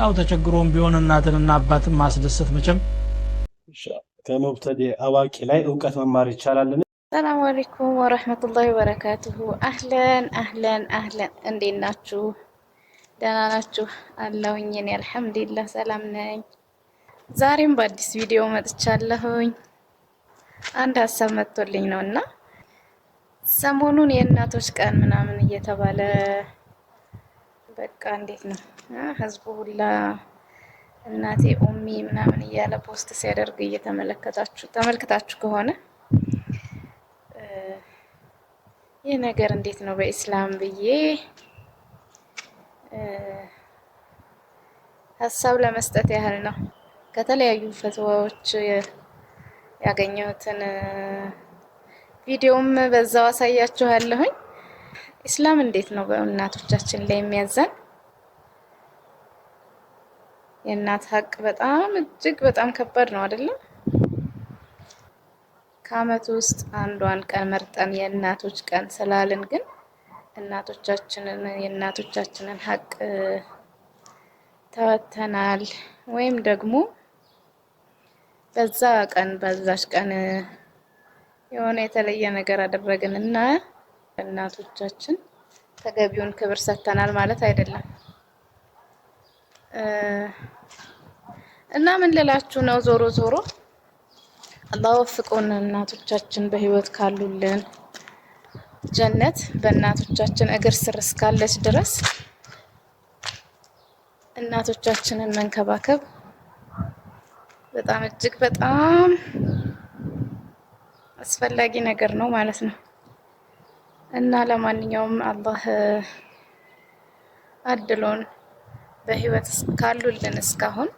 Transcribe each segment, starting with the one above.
ያው ተቸግሮም ቢሆን እናትንና አባትን ማስደሰት መቼም ከመብተዴ አዋቂ ላይ እውቀት መማር ይቻላልን? ሰላም አለይኩም ወረህመቱላሂ ወበረካቱሁ። አህለን አህለን አህለን፣ እንዴት ናችሁ? ደህና ናችሁ? አለሁኝን አልሐምዱሊላህ፣ ሰላም ነኝ። ዛሬም በአዲስ ቪዲዮ መጥቻለሁኝ። አንድ ሀሳብ መጥቶልኝ ነው እና ሰሞኑን የእናቶች ቀን ምናምን እየተባለ በቃ እንዴት ነው ህዝቡ ሁላ እናቴ ኦሚ ምናምን እያለ ፖስት ሲያደርግ እየተመለከታችሁ ተመልክታችሁ ከሆነ ይህ ነገር እንዴት ነው በኢስላም ብዬ ሀሳብ ለመስጠት ያህል ነው። ከተለያዩ ፈትዋዎች ያገኘሁትን ቪዲዮም በዛው አሳያችኋለሁኝ። ኢስላም እንዴት ነው በእናቶቻችን ላይ የሚያዘን? የእናት ሀቅ በጣም እጅግ በጣም ከባድ ነው አይደለም? ከአመቱ ውስጥ አንዷን ቀን መርጠን የእናቶች ቀን ስላልን ግን እናቶቻችንን የእናቶቻችንን ሀቅ ተወተናል ወይም ደግሞ በዛ ቀን በዛች ቀን የሆነ የተለየ ነገር አደረግን እና እናቶቻችን ተገቢውን ክብር ሰጥተናል ማለት አይደለም። እና ምን ልላችሁ ነው፣ ዞሮ ዞሮ አላህ ወፍቆን እናቶቻችን በህይወት ካሉልን ጀነት በእናቶቻችን እግር ስር እስካለች ድረስ እናቶቻችንን መንከባከብ በጣም እጅግ በጣም አስፈላጊ ነገር ነው ማለት ነው። እና ለማንኛውም አላህ አድሎን በህይወት ካሉልን እስካሁን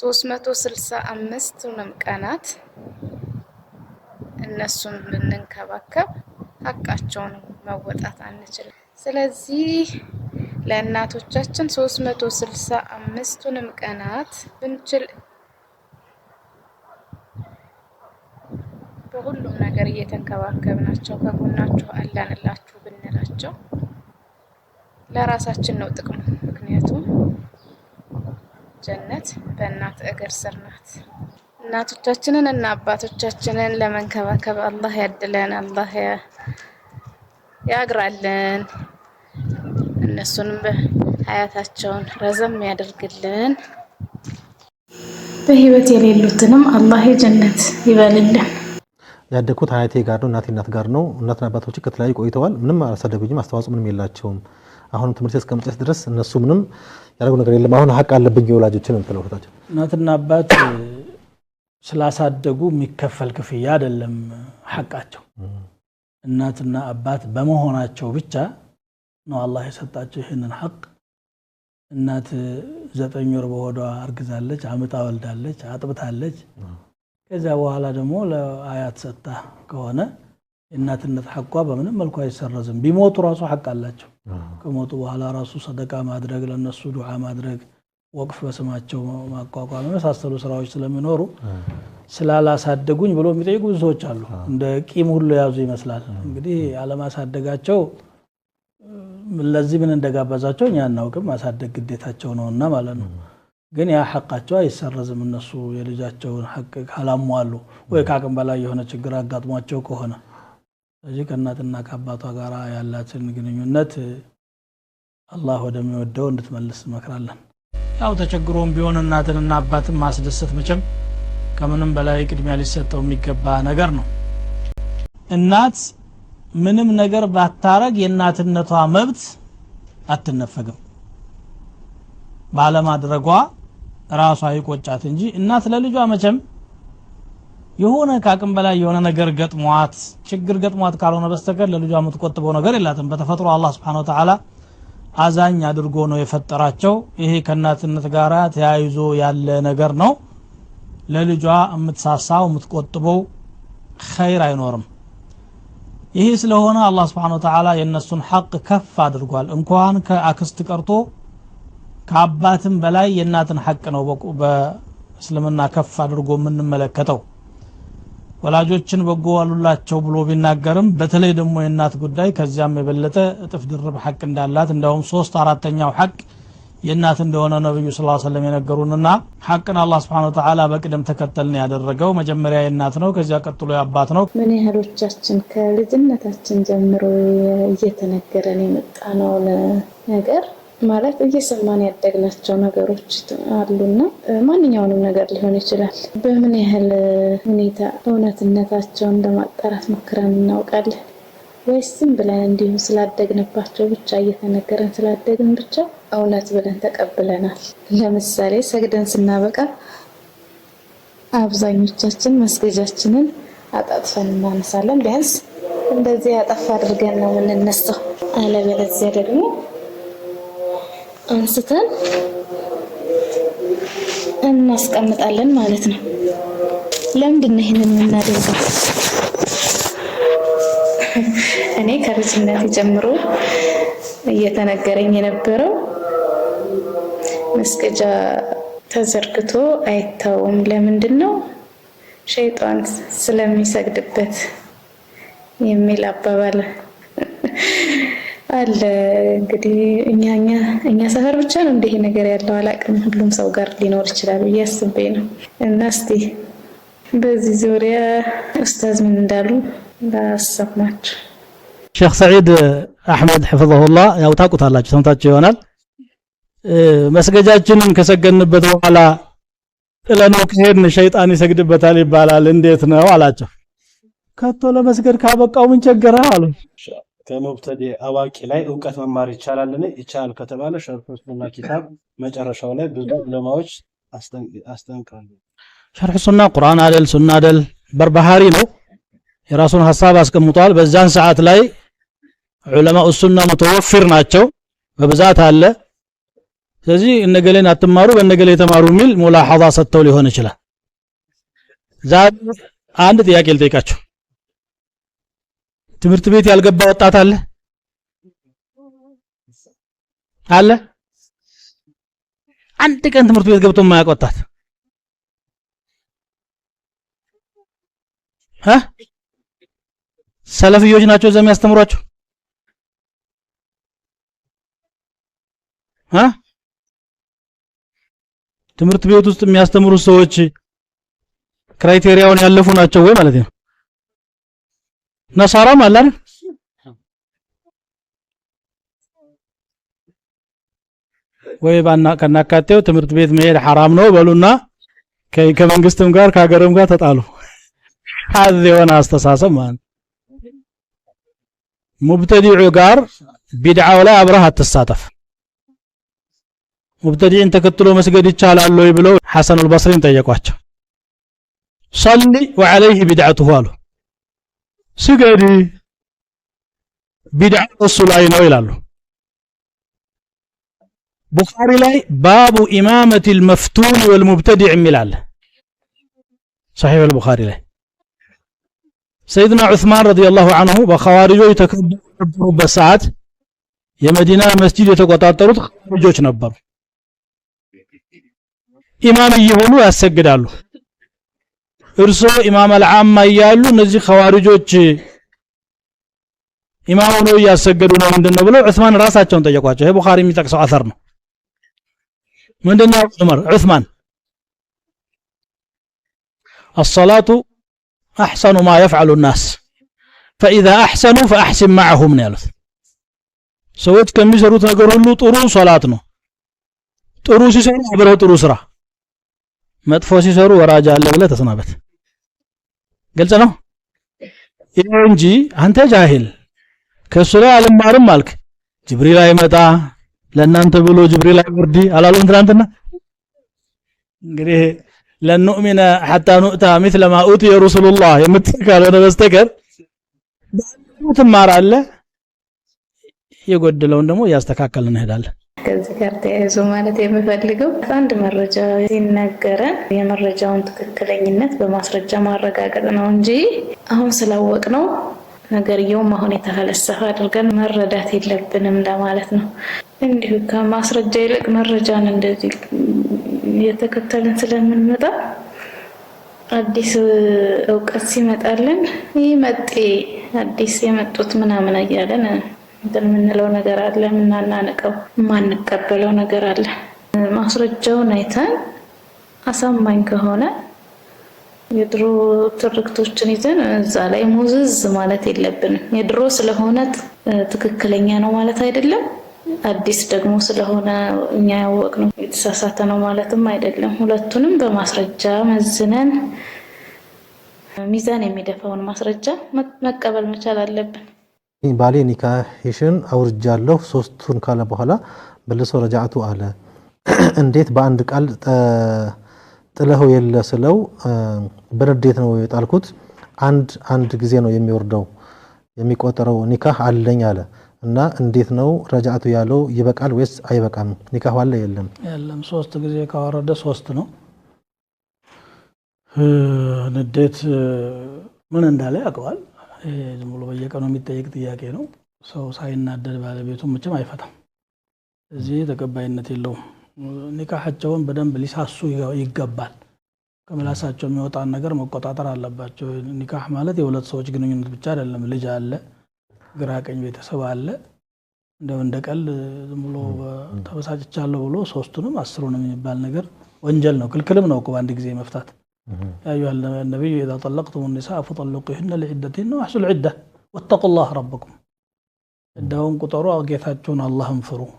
ሶስት መቶ ስልሳ አምስቱንም ቀናት እነሱን ብንንከባከብ ሀቃቸውን መወጣት አንችልም። ስለዚህ ለእናቶቻችን ሶስት መቶ ስልሳ አምስቱንም ቀናት ብንችል በሁሉም ነገር እየተንከባከብናቸው ከጎናችሁ አላንላችሁ ብንላቸው ለራሳችን ነው ጥቅሙ። ምክንያቱም ጀነት በእናት እግር ስር ናት። እናቶቻችንን እና አባቶቻችንን ለመንከባከብ አላህ ያድለን፣ አላህ ያግራልን፣ እነሱንም ሀያታቸውን ረዘም ያደርግልን። በህይወት የሌሉትንም አላህ የጀነት ይበልልን። ያደግኩት አያቴ ጋር ነው፣ እናቴ እናት ጋር ነው። እናትና አባቶች ከተለያዩ ቆይተዋል። ምንም አላሳደጉኝም። አስተዋጽኦ ምንም የላቸውም። አሁንም ትምህርት እስከመጨረስ ድረስ እነሱ ምንም ያደረጉ ነገር የለም። አሁን ሀቅ አለብኝ የወላጆችን የምትለው እናትና አባት ስላሳደጉ የሚከፈል ክፍያ አይደለም ሀቃቸው። እናትና አባት በመሆናቸው ብቻ ነው አላህ የሰጣቸው ይህንን ሀቅ እናት ዘጠኝ ወር በሆዷ አርግዛለች፣ አምጣ ወልዳለች፣ አጥብታለች። ከዚያ በኋላ ደግሞ ለአያት ሰጣ ከሆነ የእናትነት ሐቋ በምንም መልኩ አይሰረዝም። ቢሞቱ ራሱ ሐቅ አላቸው። ከሞቱ በኋላ ራሱ ሰደቃ ማድረግ፣ ለነሱ ዱዓ ማድረግ፣ ወቅፍ በስማቸው ማቋቋም የመሳሰሉ ስራዎች ስለሚኖሩ ስላላሳደጉኝ ብሎ የሚጠይቁ ብዙ ሰዎች አሉ። እንደ ቂም ሁሉ የያዙ ይመስላል። እንግዲህ አለማሳደጋቸው ለዚህ ምን እንደጋበዛቸው እኛ አናውቅም። ማሳደግ ግዴታቸው ነውና ማለት ነው። ግን ያ ሐቃቸው አይሰረዝም። እነሱ የልጃቸውን ሐቅ ካላሟሉ ወይ ከአቅም በላይ የሆነ ችግር አጋጥሟቸው ከሆነ ስለዚህ ከእናትና ከአባቷ ጋር ያላትን ግንኙነት አላህ ወደሚወደው እንድትመልስ እንመክራለን። ያው ተቸግሮም ቢሆን እናትንና አባትን ማስደሰት መቼም ከምንም በላይ ቅድሚያ ሊሰጠው የሚገባ ነገር ነው። እናት ምንም ነገር ባታረግ የእናትነቷ መብት አትነፈግም ባለማድረጓ ራሷ ይቆጫት እንጂ እናት ለልጇ መቼም የሆነ ከአቅም በላይ የሆነ ነገር ገጥሟት ችግር ገጥሟት ካልሆነ በስተቀር ለልጇ የምትቆጥበው ነገር የላትም በተፈጥሮ አላህ ስብሓን ወተላ አዛኝ አድርጎ ነው የፈጠራቸው ይሄ ከእናትነት ጋር ተያይዞ ያለ ነገር ነው ለልጇ የምትሳሳው የምትቆጥበው ኸይር አይኖርም ይህ ስለሆነ አላህ ስብሓን ወተላ የእነሱን ሐቅ ከፍ አድርጓል እንኳን ከአክስት ቀርቶ ከአባትም በላይ የእናትን ሐቅ ነው በእስልምና ከፍ አድርጎ የምንመለከተው ወላጆችን በጎ ዋሉላቸው ብሎ ቢናገርም በተለይ ደግሞ የእናት ጉዳይ ከዚያም የበለጠ እጥፍ ድርብ ሐቅ እንዳላት እንዳውም ሶስት አራተኛው ሐቅ የእናት እንደሆነ ነብዩ ስ ሰለም የነገሩንና ሐቅን አላህ ስብሐነ ወተዓላ በቅደም ተከተልን ያደረገው መጀመሪያ የእናት ነው፣ ከዚያ ቀጥሎ የአባት ነው። ምን ያህሎቻችን ከልጅነታችን ጀምሮ እየተነገረን የመጣ ነው ነገር ማለት እየሰማን ያደግናቸው ነገሮች አሉና ማንኛውንም ነገር ሊሆን ይችላል። በምን ያህል ሁኔታ እውነትነታቸውን ለማጣራት ሞክረን እናውቃለን ወይስ ዝም ብለን እንዲሁም ስላደግንባቸው ብቻ እየተነገረን ስላደግን ብቻ እውነት ብለን ተቀብለናል? ለምሳሌ ሰግደን ስናበቃ አብዛኞቻችን መስገጃችንን አጣጥፈን እናነሳለን። ቢያንስ እንደዚህ አጠፍ አድርገን ነው የምንነሳው። አለበለዚያ ደግሞ አንስተን እናስቀምጣለን ማለት ነው። ለምንድን ነው ይሄንን የምናደርገው? እኔ ከልጅነት ጀምሮ እየተነገረኝ የነበረው መስገጃ ተዘርግቶ አይተውም ለምንድን ነው? ሸይጣን ስለሚሰግድበት የሚል አባባል አለ እንግዲህ እኛ እኛ እኛ ሰፈር ብቻ ነው እንዲህ ነገር ያለው አላውቅም። ሁሉም ሰው ጋር ሊኖር ይችላል ብዬ አስቤ ነው እና እስቲ በዚህ ዙሪያ ኡስታዝ ምን እንዳሉ ላሰማችሁ። ሼክ ሰዒድ አሕመድ ሐፈዘሁላህ ያው ታውቁታላችሁ፣ ሰምታችሁ ይሆናል። መስገጃችንን ከሰገንበት በኋላ ጥለነው ከሄድን ሸይጣን ይሰግድበታል ይባላል። እንዴት ነው አላቸው። ከቶ ለመስገድ ካበቃው ምን ቸገረ አሉ። ከሙብተዲ አዋቂ ላይ እውቀት መማር ይቻላል? ይቻላልን? ይቻላል ከተባለ ሸርፍ ሱና ኪታብ መጨረሻው ላይ ብዙ ዑለማዎች አስጠንቅቃሉ። ሸርፍ ሱና ቁርአን አደል ሱና አደል በርባሃሪ ነው የራሱን ሀሳብ አስቀምጧል። በዛን ሰዓት ላይ ዑለማ ሱና ሙተወፊር ናቸው በብዛት አለ። ስለዚህ እነገሌን አትማሩ በነገሌ የተማሩ የሚል ሙላሐዛ ሰጥተው ሊሆን ይችላል። ዛ አንድ ጥያቄ ልጠይቃቸው። ትምህርት ቤት ያልገባ ወጣት አለ አለ? አንድ ቀን ትምህርት ቤት ገብቶ የማያውቅ ወጣት እ ሰለፍዮች ናቸው እዛ የሚያስተምሯቸው እ ትምህርት ቤት ውስጥ የሚያስተምሩ ሰዎች ክራይቴሪያውን ያለፉ ናቸው ወይ ማለት ነው? ነሳራ ማለት ወይ ባና ከናካቴው ትምህርት ቤት መሄድ ሐራም ነው በሉና ከመንግስትም ጋር ከሀገርም ጋር ተጣሉ። ሀዝ የሆነ አስተሳሰብ ማለት ሙብተዲዑ ጋር ቢድዓው ላይ አብረህ አትሳተፍ። ሙብተዲዕን ተከትሎ መስገድ ይቻላል ወይ ብለው ሐሰኑል በስሪን ጠየቋቸው። ሰሊ ወዐለይህ ቢድዓቱሁ አሉ سيغادي بدع رسول الله نويل الله بخاري لاي باب إمامة المفتون والمبتدع ملال صحيح البخاري لاي سيدنا عثمان رضي الله عنه بخوارجو يتكبر بساعات يا مدينة مسجد يتقطع طرد خارجوش نبر إمام يهولو أسجد الله እርሶ ኢማም አልዓማ እያሉ እነዚህ ከዋሪጆች ኢማም ሆነው እያሰገዱ ነው ምንድን ነው ብለው ዑስማን ራሳቸውን ጠየቋቸው ይሄ ቡኻሪ የሚጠቅሰው አሰር ነው ምንድን ነው ዑመር ዑስማን አሰላቱ አሕሰኑ ማ የፍዓሉ ናስ ፈኢዛ አሕሰኑ ፈአሕሲን ማዕሁም ነው ያሉት ሰዎች ከሚሰሩት ነገር ሁሉ ጥሩ ሶላት ነው ጥሩ ሲሰሩ አብረው ጥሩ ስራ መጥፎ ሲሰሩ ወራጃ አለ ብለ ተሰናበት ግልጽ ነው። ይሄ እንጂ አንተ ጃሂል ከእሱ ላይ አልማርም አልክ። ጅብሪል አይመጣ ለእናንተ ብሎ ጅብሪል አይወርድ አላሉም ትናንትና። እንግዲህ ለንኡሚነ ሐታ ኑእታ ሚስለ ማ ኡትየ ረሱሉላህ የምትል ካልሆነ በስተቀር ትማራለህ። የጎደለውን ደግሞ እያስተካከልን እንሄዳለን። ከዚህ ጋር ተያይዞ ማለት የምፈልገው አንድ መረጃ ሲነገረን የመረጃውን ትክክለኝነት በማስረጃ ማረጋገጥ ነው እንጂ አሁን ስላወቅ ነው ነገርየውም አሁን የተፈለሰፈ አድርገን መረዳት የለብንም ለማለት ነው። እንዲሁ ከማስረጃ ይልቅ መረጃን እንደዚህ እየተከተልን ስለምንመጣ አዲስ እውቀት ሲመጣልን ይህ መጤ አዲስ የመጡት ምናምን እያለን እንትን የምንለው ነገር አለ፣ የምናናነቀው የማንቀበለው ነገር አለ። ማስረጃውን አይተን አሳማኝ ከሆነ የድሮ ትርክቶችን ይዘን እዛ ላይ ሙዝዝ ማለት የለብንም። የድሮ ስለሆነ ትክክለኛ ነው ማለት አይደለም። አዲስ ደግሞ ስለሆነ እኛ ያወቅነው የተሳሳተ ነው ማለትም አይደለም። ሁለቱንም በማስረጃ መዝነን ሚዛን የሚደፋውን ማስረጃ መቀበል መቻል አለብን። ባሌ ኒካሽን አውርጃለሁ ሶስቱን ካለ በኋላ መልሶ ረጃዕቱ አለ። እንዴት በአንድ ቃል ጥለው የለ ስለው በንዴት ነው የጣልኩት። አንድ አንድ ጊዜ ነው የሚወርደው የሚቆጠረው ኒካህ አለኝ አለ እና እንዴት ነው ረጃዕቱ ያለው? ይበቃል ወይስ አይበቃም? ኒካህ አለ የለም? የለም። ሶስት ጊዜ ካወረደ ሶስት ነው። ንዴት ምን እንዳለ ያውቀዋል። ዝም ብሎ በየቀኑ የሚጠየቅ ጥያቄ ነው። ሰው ሳይናደድ ባለቤቱ መቼም አይፈታም። እዚህ ተቀባይነት የለውም። ኒካሓቸውን በደንብ ሊሳሱ ይገባል። ከምላሳቸው የሚወጣን ነገር መቆጣጠር አለባቸው። ኒካህ ማለት የሁለት ሰዎች ግንኙነት ብቻ አይደለም። ልጅ አለ፣ ግራ ቀኝ ቤተሰብ አለ። እንደ እንደ ቀል ዝም ብሎ ተበሳጭቻለሁ ብሎ ሶስቱንም አስሩንም የሚባል ነገር ወንጀል ነው፣ ክልክልም ነው። በአንድ ጊዜ መፍታት يا ايها النبي اذا طلقتم النساء فطلقهن لعدتهن واحصوا العده واتقوا الله ربكم. الدوام قطروا اغيثاتشون الله انفروا.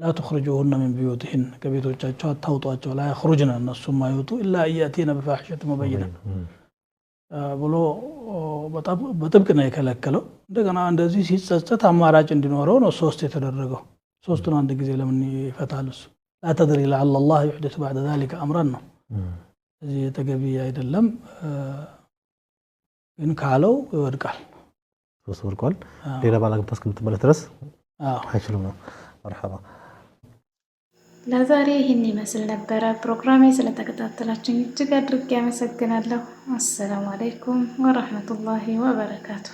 لا تخرجوهن من بيوتهن كبيتو تشاتشو توتو لا يخرجن الناس ما يوتو الا ان ياتينا بفاحشه مبينه. ብሎ በጥብቅ آه، ነው የከለከለው እንደገና እንደዚህ ሲጸጸት አማራጭ እንዲኖረው ነው ሶስት የተደረገው ሶስቱን አንድ ጊዜ ለምን ይፈታል እሱ ላ ተድሪ ላአላ ላ ዩሕደቱ ባዕደ ዛሊከ አምረን ነው እዚህ የተገቢ አይደለም ግን ካለው ይወድቃል። ሶስት ወድቋል። ሌላ ባላገባ እስከምትመለስ ድረስ አይችልም ነው። መርሐባ። ለዛሬ ይህን ይመስል ነበረ። ፕሮግራሜ ስለተከታተላችን እጅግ አድርጌ ያመሰግናለሁ። አሰላሙ አለይኩም ወረሕመቱላሂ ወበረካቱ።